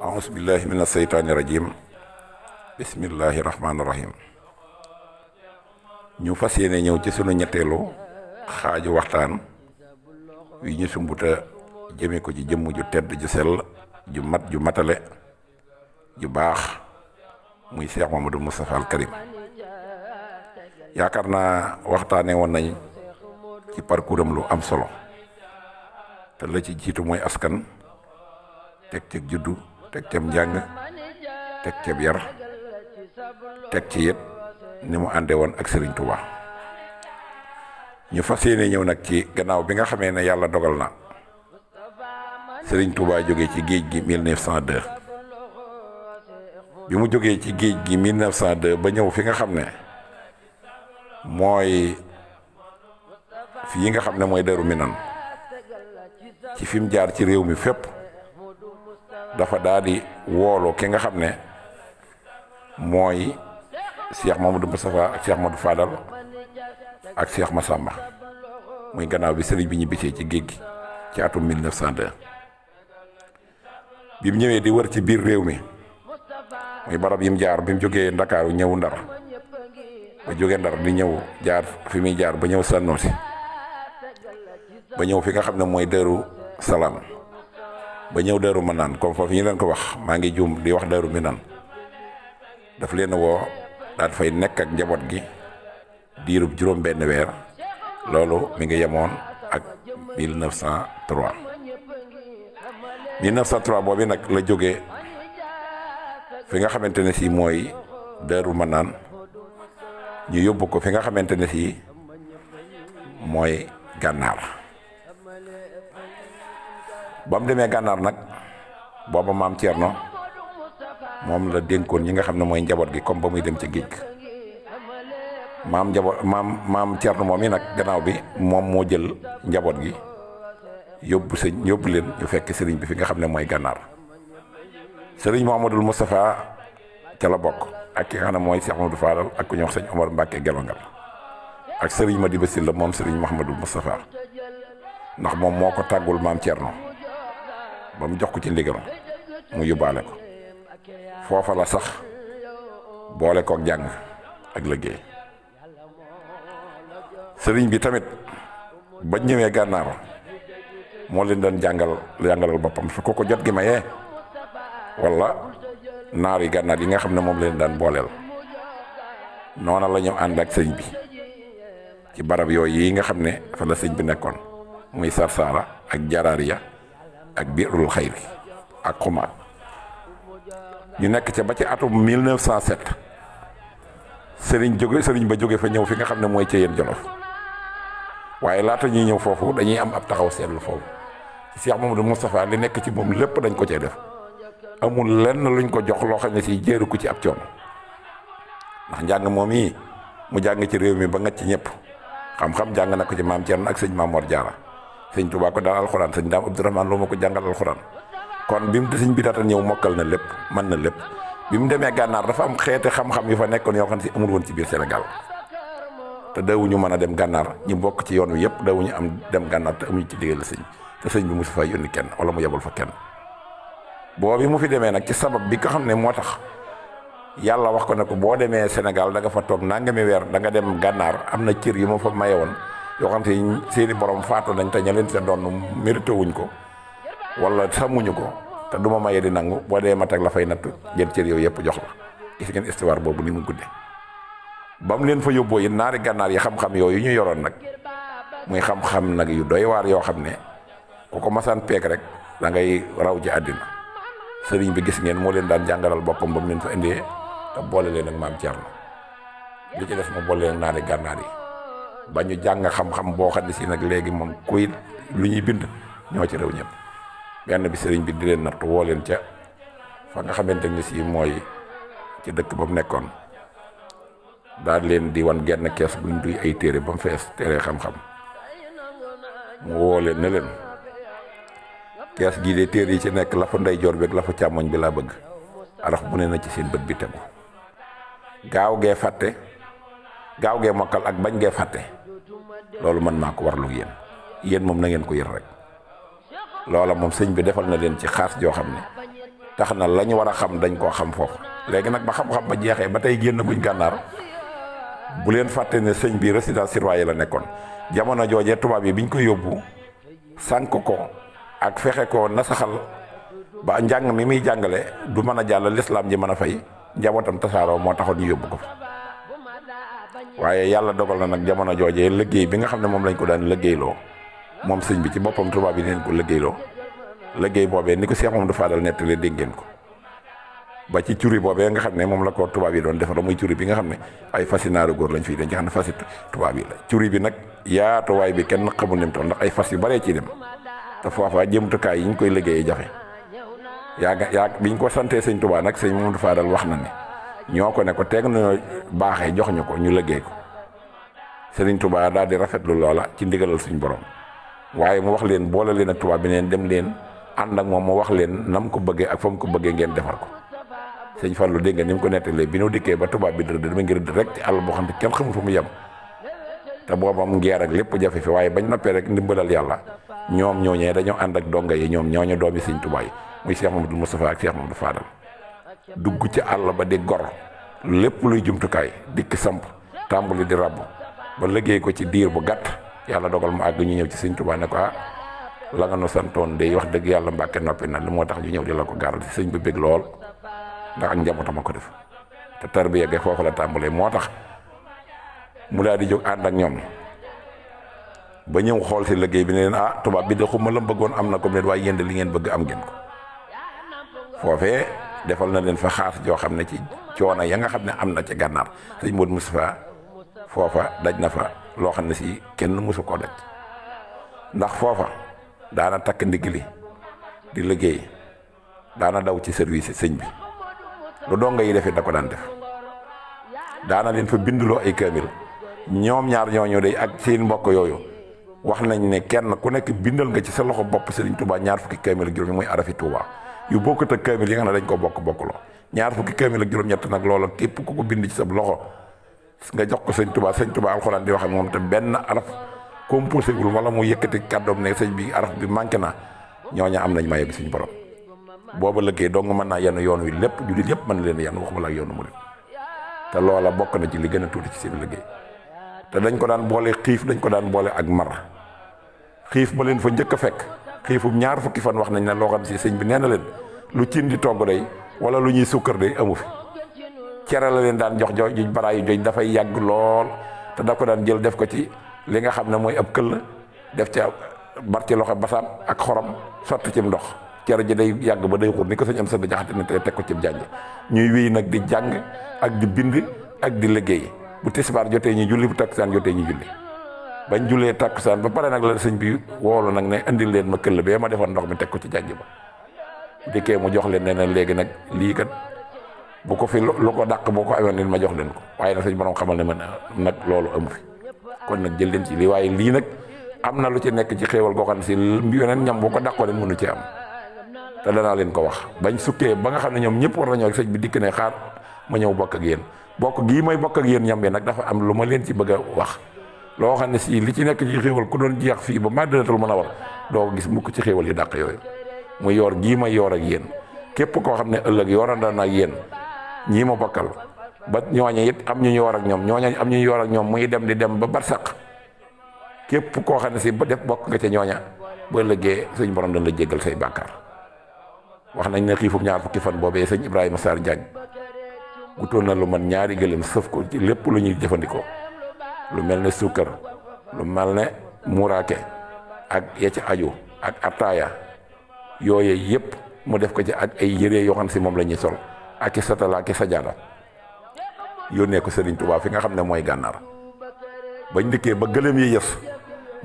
ahousubillahi min aseytaani rajim bismillahi rahmaani rahim ñu fas yéene ñëw ci ñettee ñetteelu xaaju waxtaan wi ñu sumbuta jëme ko ci jëmm ju tedd ju sell ju mat ju matale ju baax muy Cheikh ma Moustapha al Karim yaakaar naa waxtaane woon nañ ci parcours lu am solo te la ci jiitu mooy askan teg ceeb juddu teg ceeb njàng teg ceeb yar teg ci yëpp ni mu àndee woon ak sëriñ Touba ñu fas yéene ñëw nag ci gannaaw bi nga xamee ne yàlla dogal na sëriñ Touba jóge ci géej gi 1902 bi mu jógee ci géej gi 1902 ba ñëw fi nga xam ne mooy fii nga xam ne mooy deru Minam ci fi mu jaar ci réew mi fépp. dafa daa di woolu ki nga xam ne mooy Cheikh Mamadou Moustapha ak ma Mamadou Fadal ak Cheikh Massamba muy gannaaw bi sëriñ bi ñu bisee ci géej gi ci atum 1902 bi mu ñëwee di wër ci biir réew mi muy barab yi mu jaar bi mu jógee Ndakaaru ñëw Ndar ba jógee Ndar di ñëw jaar fi muy jaar ba ñëw Sanosi ba ñëw fi nga xam ne mooy dëru salaam ba ñëw Daaru Manaan comme foofu ñu leen ko wax maa ngi juum di wax Daaru Minaan daf leen woo daal fay nekk ak njaboot gi diirub juróom benn weer loolu mi ngi yemoon ak 1903 1903 boobu nag la jóge fi nga xamante ne si mooy Daaru Manaan ñu yóbbu ko fi nga xamante ne si mooy gànnaar ba mu demee gànnaar nag booba maam Thierno moom la dénkoon ñi nga xam ne mooy njaboot gi comme ba muy dem ci géej maam njaboot maam maam Thierno moom yi nag gannaaw bi moom moo jël njaboot gi yóbbu sëñ yóbbu leen ñu fekk sëriñ bi fi nga xam ne mooy gànnaar sëriñ Mouhamadul Moustapha ca la bokk ak ki nga xam ne mooy Cheikh Amadou Fadal ak ku ñuy wax sëñ Omar Mbacke Gelongal ak sëriñ Madiba Sylla moom sëriñ Mouhamadul Moustapha ndax moom moo ko tàggul maam Thierno. ba mu jox ko ci ndigalam mu yóbbaale ko foofa la sax boole kook jàng ak liggéey sëriñ bi tamit ba ñëwee gànnaar moo leen doon jàngal jàngalal boppam su ko ko jot gi mayee wala naar yi gànnaar yi nga xam ne moom leen daan booleel noona la ñu ànd ak sëñ bi ci barab yooyu yi nga xam ne fa la sëñ bi nekkoon muy Sarsara ak Jaraariya ak biirul xayri ak xumaat ñu nekk ca ba ci atum 1907 sëriñ jóge sëriñ ba jóge fa ñëw fi nga xam ne mooy ca yéen jolof waaye laata ñuy ñëw foofu dañuy am ab taxaw seetlu foofu moom Mamadou Moustapha li nekk ci moom lépp dañ ko cee def amul lenn luñ ko jox loo xam ne si jéeru ko ci ab coono ndax njàng moom yi mu jàng ci réew mi ba nga ci ñëpp xam-xam jàng na ko ci maam Thierno ak sëñ Mamor Diarra sëñ Tuubaa ko daal alxuraan sëñ daam Abdourahmaan loo ma ko jàngal alxuraan kon bi mu sëñ bi daata ñëw mokkal na lépp mën na lépp bi mu demee gànnaar dafa am xeeti xam-xam yu fa nekkoon yoo xam si amul woon biir Sénégal te dawuñu mën a dem gànnaar ñu bokk ci yoon wi yëpp dawuñu am dem gànnaar te amuñu ci digal sëñ te sëñ bi mosu faa yónni kenn wala mu yebul fa kenn boobu mu fi demee nag ci sabab bi nga xam ne moo tax yàlla wax ko ne ko boo demee Sénégal danga fa toog nangami weer da nga dem gànnaar am na ciir yu ma fa maye woon yoo xam te seeni borom faatu nañ te ña leen sa doon mérité wuñ ko wala xamuñu ko te du ma maye di nangu boo dee ma teg la fay natt jël cër yooyu yëpp jox la gis ngeen histoire boobu ni mu guddee ba mu leen fa yóbboo it naari gànnaar yi xam-xam yooyu ñuy yoroon nag muy xam-xam nag yu doy waar yoo xam ne ku ko masaan peek rek da ngay raw ci àddina sëriñ bi gis ngeen moo leen daan jàngalal boppam ba mu leen fa indee te boole leen ak maam Thierno li ci def ma boole leen naari gànnaar yi. ba ñu jàng xam-xam boo xam ne si nag léegi moom kuy lu ñuy bind ñoo ci rew ñëpp benn bi sëriñ bi di leen natt woo leen ca fa nga xamante ni si mooy ci dëkk ba mu nekkoon daal leen di wan genn kees buñ duy ay téere ba mu fees téere xam-xam mu woo leen ne leen kees gii de téere yi ci nekk lafu fa ndeyjoor beeg la fa càmmoñ bi laa bëgg araf bu ne na ci seen bët bi tegu gaaw gee fàtte gaaw gee mokkal ak bañ gee fàtte loolu mën naa ko war warlu yéen yéen moom na ngeen ko yër rek loola moom sëñ bi defal na leen ci xaas joo xam ne tax na lañu war a xam dañ koo xam foofu léegi nag ba xam-xam ba jeexee ba tey génn guñ gànnaar bu leen fàtte ne sëñ bi résidence surveillée la nekkoon jamono joojee tubaab yi bi ñu koy yóbbu sànk ko ak fexe ko nasaxal ba njàng mi muy jàngale du mën a jàll lislaam ji mën a fay njabootam tasaaroo moo taxoon ñu yóbbu ko fa waaye yàlla dogal na nag jamono joojee liggéey bi nga xam ne moom lañ ko daan liggéeyloo moom sëñ bi ci boppam tubaab yi leen ko liggéeyloo liggéey boobee ni ko Cheikh Mamadou Fadal nettali dégg ngeen ko ba ci curi boobee nga xam ne moom la ko tubaab yi doon defar muy curi bi nga xam ne ay fas naaru góor lañ fii dañ ci xam ne fasi tubaab yi la curi bi nag yaatuwaay bi kenn xamul ni mu toll ndax ay fas yu baree ci dem te foofa jëmtukaay yi ñu koy liggéeyee jafe yaa nga bi ñu ko santee sëñ Tuubaa nag sëñ Mamadou Fadal wax na ne ñoo ko ne ko teg nañoo baaxee jox ñu ko ñu liggéey ko Serigne Touba daal di rafetlu loola ci ndigalal suñu borom waaye mu wax leen boole leen ak tubaab bi neen dem leen ànd ak moom mu wax leen nam ko bëggee ak fa mu ko bëggee ngeen defar ko sëñ Fallou dégg nga ni mu ko nettalee bi ñu dikkee ba tubaab bi dërëdd dama ngi rëdd àll boo xam ne kenn xamul fu mu yem te boobam ngeer ak lépp jafe fi waaye bañ noppee rek ndimbalal yàlla ñoom ñooñee dañoo ànd ak donga yi ñoom ñooñu doomi sëñ Touba yi muy Cheikh Mamadou Moustapha ak Cheikh Mamadou Fadal dugg ci àll ba di gor lépp luy jumtukaay dikk samp tàmbali di ràbb ba liggéey ko ci diir bu gàtt yàlla dogal mu àgg ñu ñëw ci sëñ Tuubaa ne ko ah la nga nu santoon day wax dëgg yàlla Mbàkke noppi na lu moo tax ñu ñëw di la ko gaaral ci sëñ bu bég lool ndax ak njabootam a ko def te tarbiya ga foofu la tàmbalee moo tax mu daal di jóg ànd ak ñoom ba ñëw xool si liggéey bi ne leen ah tubaab bi de xuma la bëggoon am na ko nit waaye yéen li ngeen bëgg am ngeen defal na leen fa xaas joo xam ne ci coono ya nga xam ne am na ca gànnaar sëñ Modou Moustapha foofa daj na fa loo xam ne si kenn mësu koo daj ndax foofa daana takk ndigg li di liggéey daana daw ci service sëñ bi lu donga yi defee da ko daan def daana leen fa binduloo ay kaamil ñoom ñaar ñooñu day ak seen mbokk yooyu wax nañ ne kenn ku nekk bindal nga ci sa loxo bopp Sëriñ Touba ñaar fukki kaamil ak juróomi muy arafi Touba yu bokkut ak kaamil yi nga dañ ko bokk bokkuloo ñaar fukki kaamil ak juróom-ñett nag loola képp ku ko bind ci sab loxo nga jox ko sëñ tubaa sëñ tubaa alxuraan di wax ak moom te benn araf composé wul wala mu yëkkati kàddoom ne sëñ bi araf bi manqué na am nañ maye bi suñu borom booba lëggee dong mën naa yenn yoon wi lépp jullit yépp mën leen yenn waxuma la ak yoonu murit te loola bokk na ci li gën a tuuti ci seen liggéey te dañ ko daan boole xiif dañ ko daan boole ak mar xiif ba leen fa njëkk a fekk xiifum ñaar fukki fan wax nañ ne loo xam si sëñ bi nee leen lu cin di togg day wala lu ñuy sukkar day amu fi cere la leen daan jox jox juñ baraayu joñ dafay yàgg lool te da ko daan jël def ko ci li nga xam ne mooy ab këll def ca bar ci loxo basaab ak xorom sotti ci ndox cere ji day yàgg ba day xur ni ko sëñ am sa jaxate ne te teg ko ci jàng ñuy wéy nag di jàng ak di bind ak di léggéey bu tisbaar jotee ñu julli bu takkusaan jotee ñu julli bañ julee takkusaan ba pare nag la sëñ bi woolu nag ne indi leen ma këll bee ma defoon ndox mi teg ko ci jànj ba dikkee mu jox leen ne na léegi nag lii kat bu ko fi lu ko daq boo ko amoon nit ma jox leen ko waaye nag sëñ borom xamal ne ma nag loolu amu fi kon nag jël leen ci lii waaye lii nag am na lu ci nekk ci xéewal goo xam ne si yeneen ñam boo ko dàqoo leen mënu ci am te danaa leen ko wax bañ sukkee ba nga xam ne ñoom ñëpp war nañoo ak sëñ bi dikk ne xaar ma ñëw bokk ak yéen bokk gii may bokk ak yéen ñam bi nag dafa am lu ma leen ci bëgg a wax loo xam ne sii li ci nekk ci xéewal ku doon jeex fii ba man Madinatul Munawwara doo ko gis mukk ci xéewal yi dàq yooyu mu yoor gii ma yoor ak yéen képp koo xam ne ëllëg yoorandaan ak yéen ñii ma bokkal ba ñooña it am ñu yoor ak ñoom ñooña am ñu yoor ak ñoom muy dem di dem ba barsaq képp koo xam ne si ba def bokk nga ca ñooña ba ëllëgee suñ borom dañ la jéggal say bàkkaar wax nañ ne xiifum ñaar fukki fan boobee sëñ Ibrahima Sarr Diagne gutoon na lu man ñaari gëlëm sëf ko lépp lu ñuy jëfandikoo lu mel ne sukkar lu mel ne muraake ak ya ci aju ak ataaya yooye yëpp mu def ko ci ak ay yére yoo xam si moom lañuy sol ak i satala ak i sajaada yónnee ko Serigne Touba fi nga xam ne mooy gànnaar bañ ndikkee ba gëlëm yi yës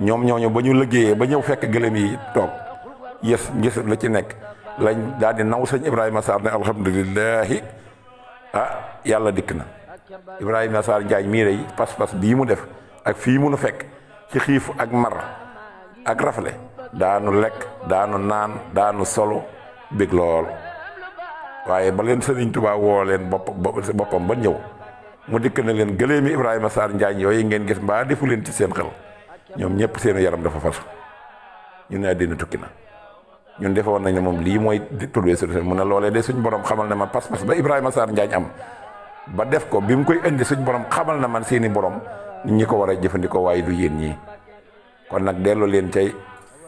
ñoom ñooñu ba ñu liggéeyee ba ñëw fekk gëléem yi toog yës ngis la ci nekk lañ daal di naw sëñ Ibrahima Sarr ne alhamdulilahi ah yàlla dikk na Ibrahima Sarr Ndiaye mii rey pas-pas bii mu def ak fii mu nu fekk ci xiif ak mar ak rafle daanu lekk daanu naan daanu solo bég lool waaye ba leen Sëriñ Tuubaa woo leen boppam ba ñëw mu dikk na leen gëléemi Ibrahima Sarr Ndiaye yooyu ngeen gis mbaa defu leen ci seen xel ñoom ñëpp seen yaram dafa fas ñu ne àddina tukki na ñun defoon nañ ne moom lii mooy tuddee solution mu ne loolee de suñ borom xamal ne ma pas-pas ba Ibrahima Sarr Ndiaye am ba def ko bi mu koy indi suñ borom xamal na man seeni borom ñi ko war a jëfandikoo waaye du yéen ñi kon nag dellu leen cay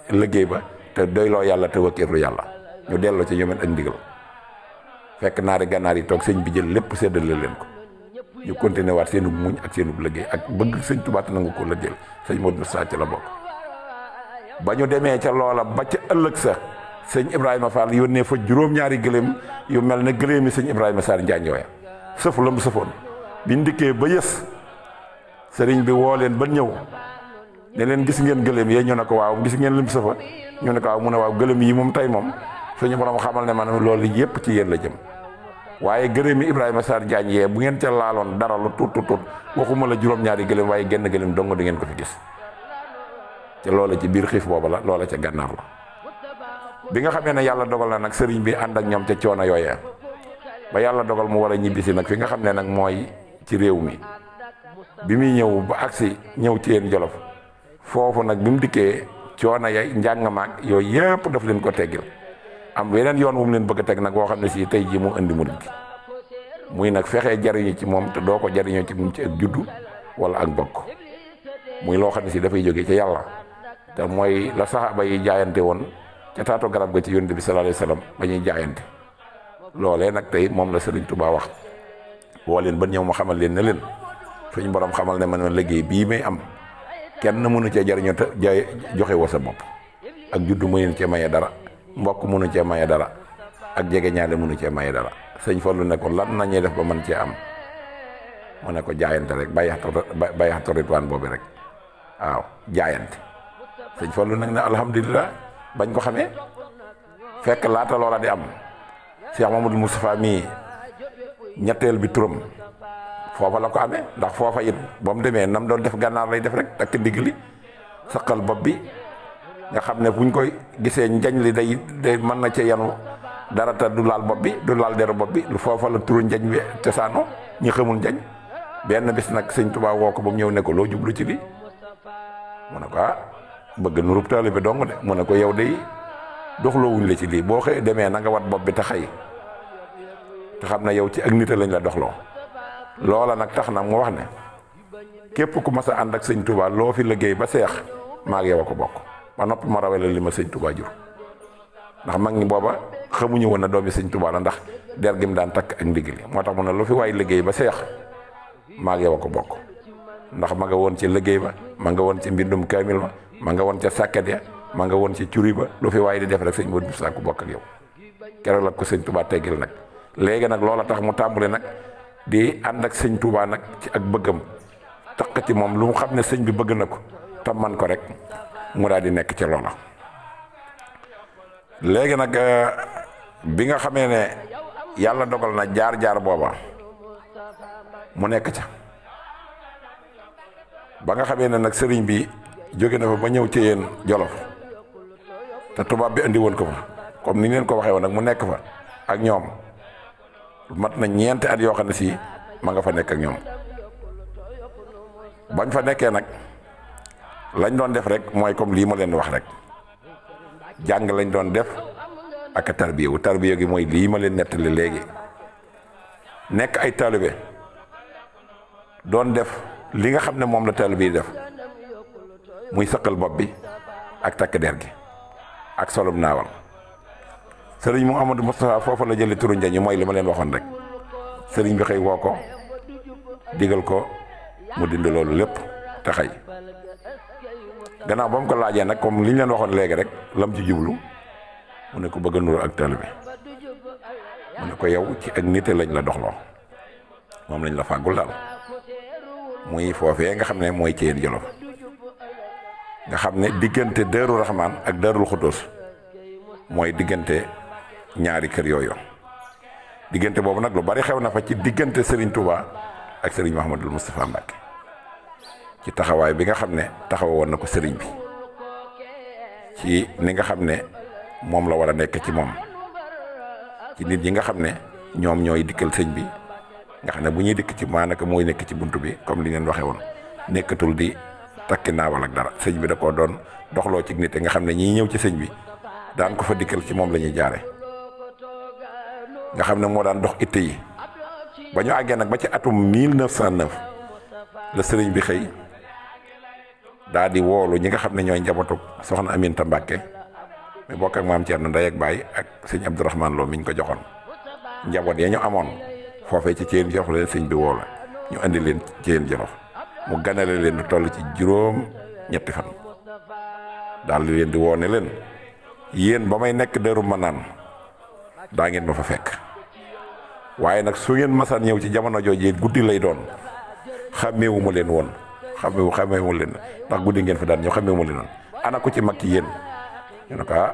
liggéey ba te doyloo yàlla te wëkkeelu yàlla ñu delloo ca ñoom it ak ndigal fekk naari gànnaar yi toog sëñ bi jël lépp séddale leen ko ñu continué waat seenu muñ ak seenu liggéey ak bëgg sëñ Tuubaa te nangu ko liggéeyal moo Modou Moussa ci la bokk. ba ñu demee ca loola ba ca ëllëg sa sëñ Ibrahima Fall yónnee fa juróom-ñaari gëléem yu mel ne gëléemi sëñ Ibrahima Sarr Njaañ sëfu la mu sëfoon bi dikkee ba yës sëriñ bi woo leen ba ñëw ne leen gis ngeen gëléem yee ñu ne ko waaw gis ngeen lim sëfoon ñu ne ko waaw mu ne waaw gëléem yi moom tey moom suñu borom xamal ne maanaam loolu yépp ci yéen la jëm waaye gëléem yi Ibrahima Sarr Diagne yee bu ngeen ca laaloon dara lu tuut tuut waxuma la juróom-ñaari gëléem waaye genn gëléem dong di ngeen ko fi gis te loola ci biir xiif booba la loola ca gànnaar la bi nga xamee ne yàlla dogal na nag sëriñ bi ànd ak ñoom ca coono yooyee ba yàlla dogal mu war a ñibbisi nag fi nga xam ne nag mooy ci réew mi bi muy ñëw ba agsi ñëw ci yéen jolof foofu nag bi mu dikkee coono ya njàngamaak yooyu yëpp daf leen ko teggil am weneen yoon wu leen bëgg a teg nag woo xam ne sii tey jii mu indi mu gi muy nag fexe jariñu ci moom te doo ko jariñoo ci moom ci ak juddu wala ak bokk muy loo xam ne si dafay jóge ci yàlla te mooy la saxaaba yi jaayante woon ca taatu garab ga ci yonent bi sallallahu alayhi wasallam ba ñuy jaayante loolee nag tey moom la Serigne Touba wax woo leen ba ñëw mu xamal leen ne leen suñ borom xamal ne man ma liggéey bii may am kenn mënu cee jariñu te joxe woo sa bopp ak juddu mënu cee maye dara mbokk mënu cee maye dara ak jege ñaale mënu cee maye dara sëñ Fallou lu ko lan nañuy def ba mën cee am mu ne ko jaayante rek bàyyi xatu ritwaan boobu rek waaw jaayante sëñ Fallou nag ne alhamdulilah bañ ko xamee fekk laata loola di am. si Cheikh mu Moustapha mii ñetteel bi turam foofa la ko amee ndax foofa it ba mu demee nam doon def gànnaar lay def rek takk ndigg li saqal bopp bi nga xam ne buñ koy gisee njañ li day day mën na ci yanu dara te du laal bopp bi du laal deru bopp bi lu foofa la turu njañ bi cosaano ñi xamul njañ benn bis nag sëñ Tuubaa woo ko ba mu ñëw ne loo jublu ci li mu ne ko ah bëgg nu rub taalibe dong de mu ne ko yow de doxloowuñ la ci lii boo xëyee demee na nga wat bopp bi te xëy te xam ne yow ci ak nita lañ la doxloo loola nag tax na mu wax ne képp ku mas a ànd ak sëñ Touba loo fi liggéey ba seex maa yow a ko bokk ba noppi ma rawale li ma sëñ Touba jur ndax mag ñi booba xamuñu woon ne doomi sëñ Touba la ndax der gi daan takk ak moo tax mu ne lu fi waay liggéey ba seex maa yow ko bokk ndax ma nga woon ci liggéey ba ma nga woon ci mbindum kaamil ma ma nga woon ca sàkket ya ma nga woon ci curi ba lu fi waaye di def rek sëñ Modou Moussa ku bokk ak yow keroog la ko sëñ Touba teggil nag léegi nag loola tax mu tàmbali nag di ànd ak sëñ Touba nag ci ak bëggam taq ci moom lu mu xam ne sëñ bi bëgg na ko te man ko rek mu daal di nekk ca loola. léegi nag euh, bi nga xamee ne yàlla dogal na jaar jaar booba mu nekk ca ba nga xamee ne nag sëriñ bi jóge na fa ba ñëw ci yéen Jolof. te tubaab bi andi woon ko fa comme ni leen ko waxee woon nag mu nekk fa ak ñoom mat na ñeenti at yoo xam ne sii ma nga fa nekk ak ñoom bañ fa nekkee nag lañ doon def rek mooy comme lii ma leen wax rek jàng lañ doon def ak tarbiya wu tarbiya gi mooy lii ma leen nettali léegi nekk ay taalibe doon def li nga xam ne moom la taalibe yi def muy sëqal bopp bi ak takk der gi ak solum naawam sëriñ mu Mouhamadou Moustapha foofa la jëlee turu njañu mooy li ma leen waxoon rek sëriñ bi xëy woo ko digal ko mu dindi loolu lépp te xëy gannaaw ba mu ko laajee nag comme li ñu leen waxoon léegi rek lam ci jublu mu ne ko bëgg a nuru ak taalibe bi mu ne ko yow ci ak nite lañ la doxloo moom lañ la fàggul daal muy foofee nga xam ne mooy Thièyène Djolof nga xam ne diggante Daaru Rahman ak Daarul Xuddoos mooy diggante ñaari kër yooyu diggante boobu nag lu bari xew na fa ci diggante Serigne Touba ak sëriñ Mouhamadul Moustapha Mbacke ci taxawaay bi nga xam ne woon na ko Serigne bi ci ni nga xam ne moom la war a nekk ci moom ci nit ñi nga xam ne ñoom ñooy dikkal sëñ bi nga xam ne bu ñuy dikk ci maanaka mooy nekk ci bunt bi comme li ngeen waxe woon nekkatul di takki naa wala dara sëñ bi da koo doon doxloo cig nit nga xam ne ñii ñëw ci sëñ bi daan ko fa dikkal ci moom la ñuy jaare nga xam ne moo daan dox itte yi ba ñu àggee nag ba ci atum 1909 la sëriñ bi xëy daa di woolu ñi nga xam ne ñooy njabootu soxna Aminta Mbàkke mi bokk ak maam na day ak Baye ak sëñ Abdourahmane Lo mi ñu ko joxoon njaboot ya ñu amoon foofee ci Thiène Djolof leen sëñ bi woolu ñu indi leen Thiène Djolof mu ganale leen di toll ci juróom ñetti fan daal di leen di woone leen yéen ba may nekk Daaru Manaan daa ngeen ma fa fekk waaye nag su ngeen masaan ñëw ci jamono jooju guddi lay doon xàmmeewu leen woon xàmmeewu xàmmeewu leen ndax guddi ngeen fa daan ñëw xàmmeewu ma leen woon ana ko ci mag ci yéen ñu ne ko ah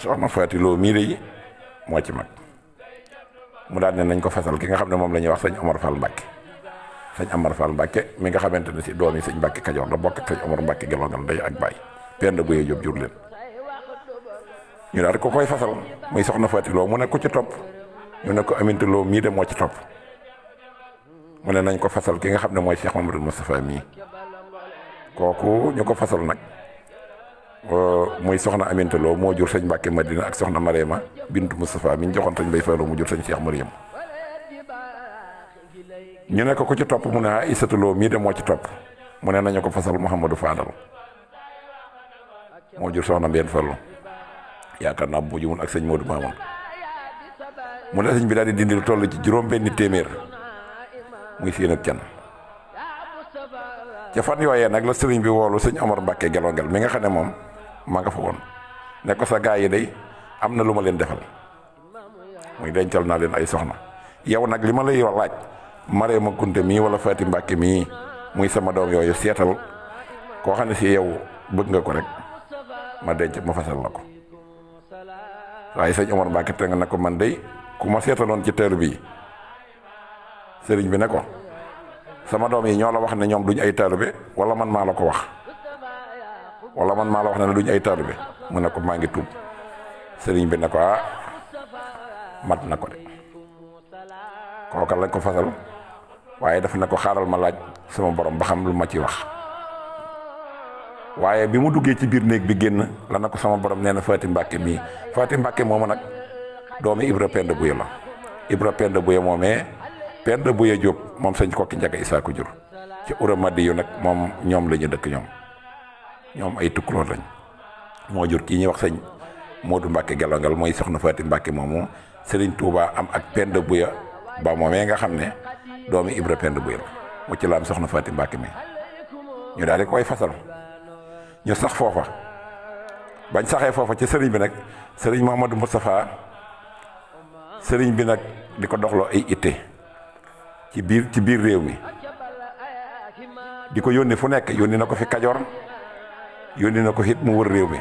soxna Faati Lo mii de moo ci mag mu daal ne nañ ko fasal ki nga xam ne moom la ñuy wax sëñ Omar Fall Mbàkke sëñ Amar Fall mbakke mi nga xamante ne si doom yi sëñ Mbacke Kajoor la bokk ak sëñ Omar Mbacke gelongal ndey ak baay Penda Gueye Diop jur leen ñu daal ko koy fasal muy soxna Faati Lo mu ne ci topp ñu ne ko Aminta mii de moo ci topp mu ne nañ ko fasal ki nga xam ne mooy Cheikh Mamadou Moustapha mii kooku ñu ko fasal nag euh, muy soxna Aminta Lo moo jur sëñ Mbacke Madina ak soxna Marema bintu Moustapha mi ñu joxoon sëñ Bay Fallou mu jur sëñ Cheikh Mariam ñu nekk ko ci topp mu ne ah Isatuloo mii de moo ci topp mu ne nañu ko fasal Mouhamadou Fadal moo jur soxna Mbène Fallou yaakaar naa bu jumul ak sëñ Modou Mamoun mu ne sëñ bi daal di dindi lu toll ci juróom benni téeméer muy seen ak can ca fan yooyee nag la sëriñ bi woolu sëñ Omar Mbacke gelongel mi nga xam ne moom maa nga fa woon ne sa gaay yi day am na lu ma leen defal muy dencal naa leen ay soxna yow nag li ma lay laaj. Marema Kunte mii wala Faati Mbàkke mii muy sama doom yooyu seetal koo xam ne si yow bëgg nga ko rek ma denc ma fasal la ko waaye sëñ Omar Mbàkke te nga ne ko man dey ku ma seetaloon ci teer bii sëriñ bi ne ko sama doom yi ñoo la wax ne ñoom duñ ay taalibe wala man maa la ko wax walla man maa la wax ne duñ ay bi mu ne ko maa ngi tuub sëriñ bi ne ko ah mat na ko de kooka lañ ko fasal waaye dafa ne ko xaaral ma laaj sama borom ba xam lu ma ci wax waaye bi mu duggee ci biir néeg bi génn la na ko sama borom nee na Faati Mbàkke mii Faati Mbàkke moomu nag doomi Ibra Penda Buya la Ibra Penda Buya moomee Penda Buya Jóob moom sëñ kokki njaga isaa ko jur ci ura madi yu nag moom ñoom la dëkk ñoom ñoom ay tukkuloo lañ moo jur kii ñuy wax sëñ Moodu Mbàkke gelongal mooy soxna Faati Mbàkke moomu Sëriñ Tuubaa am ak Penda Buya ba moomee nga xam ne doomi Ibra Penda bu yëpp mu ci laam soxna Faati Mbàkke mi ñu daal di koy fasal ñu sax foofa bañ saxee foofa ci sëriñ bi nag sëriñ Mouhamadou Moustapha sëriñ bi nag di ko doxloo ay itte ci biir ci biir réew mi di ko yónni fu nekk yónni na ko fi Kajoor yónni na ko it mu wër réew mi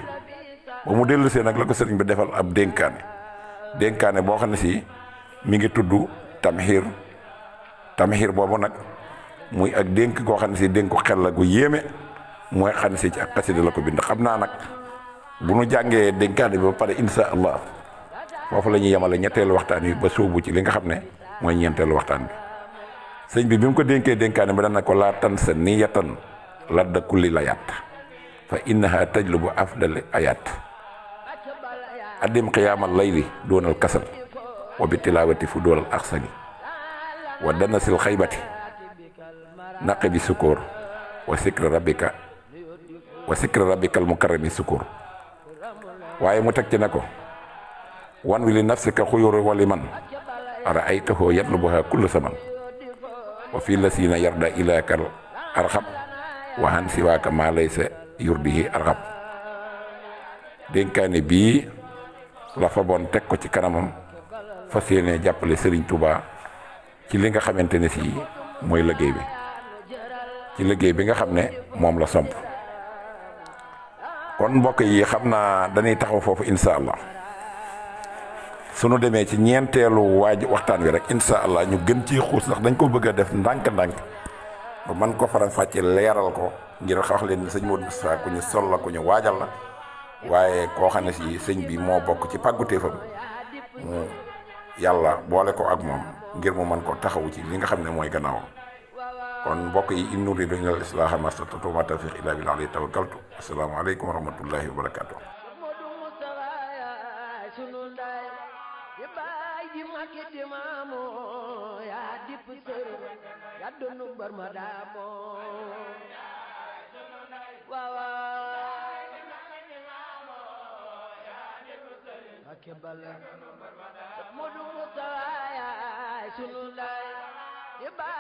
ba mu dellusee nag la ko sëriñ bi defal ab dénkaane dénkaane boo xam ne si mi ngi tudd tamxiir tamxiir boobu nag muy ak dénk koo xam ne si dénku xel la gu yéeme mooy xam si ci ak xasida la ko bind xam naa nag bu nu jàngee dénkaane bi ba pare insha allah foofu la ñuy yemale ñetteelu waxtaan wi ba sóobu ci li nga xam ne mooy ñeenteelu waxtaan bi sëñ bi bi mu ko dénkee dénkaane bi dana ko laa tan sa ni yatan ladda kulli la yat fa innaha tajlubu afdal ayat addim qiyaamal layli doonal kasal wa bi tilaawati fu doolal axsani wa dana sil xaybati naqi bi sukkur wa sikri rabbika wa sikri rabbikal mukarrami sukkur waaye mu teg ci na ko wan wi li nafsika xuyur wali man araaytahu yatlubuha kullu saman wa fi lasina yarda ilaakal arxab wa han siwaaka maa yurdihi arxab dénkaane bii la fa bon teg ko ci kanamam fas yéene jàppale Serigne Touba. ci li nga xamante ne sii mooy liggéey bi ci liggéey bi nga xam ne moom la samp kon mbokk yi xam naa dañuy taxaw foofu incha allah sunu demee ci ñeenteelu waaj waxtaan wi rek incha allah ñu gën ci xuus ndax dañ ko bëgg a def ndànk-ndànk ba man ko faram fàcce leeral ko ngir wax leen ni sëñ Modou Moustapha ku ñu sol la ku waajal la waaye koo xam si sëñ bi moo bokk ci pàggutee pàgguteefam yàlla boole ko ak moom ngir mu mën ko taxawu ci li nga xam ne mooy gannaawam kon mbokk yi in uriidu illal islaaha mastata'tu wa maa tawfiiqi illaa billaahi alayhi tawakkaltu assalaamu aleykum wa rahmatullaahi wa barakaatu kebal mu du mu tawaaya sunu laay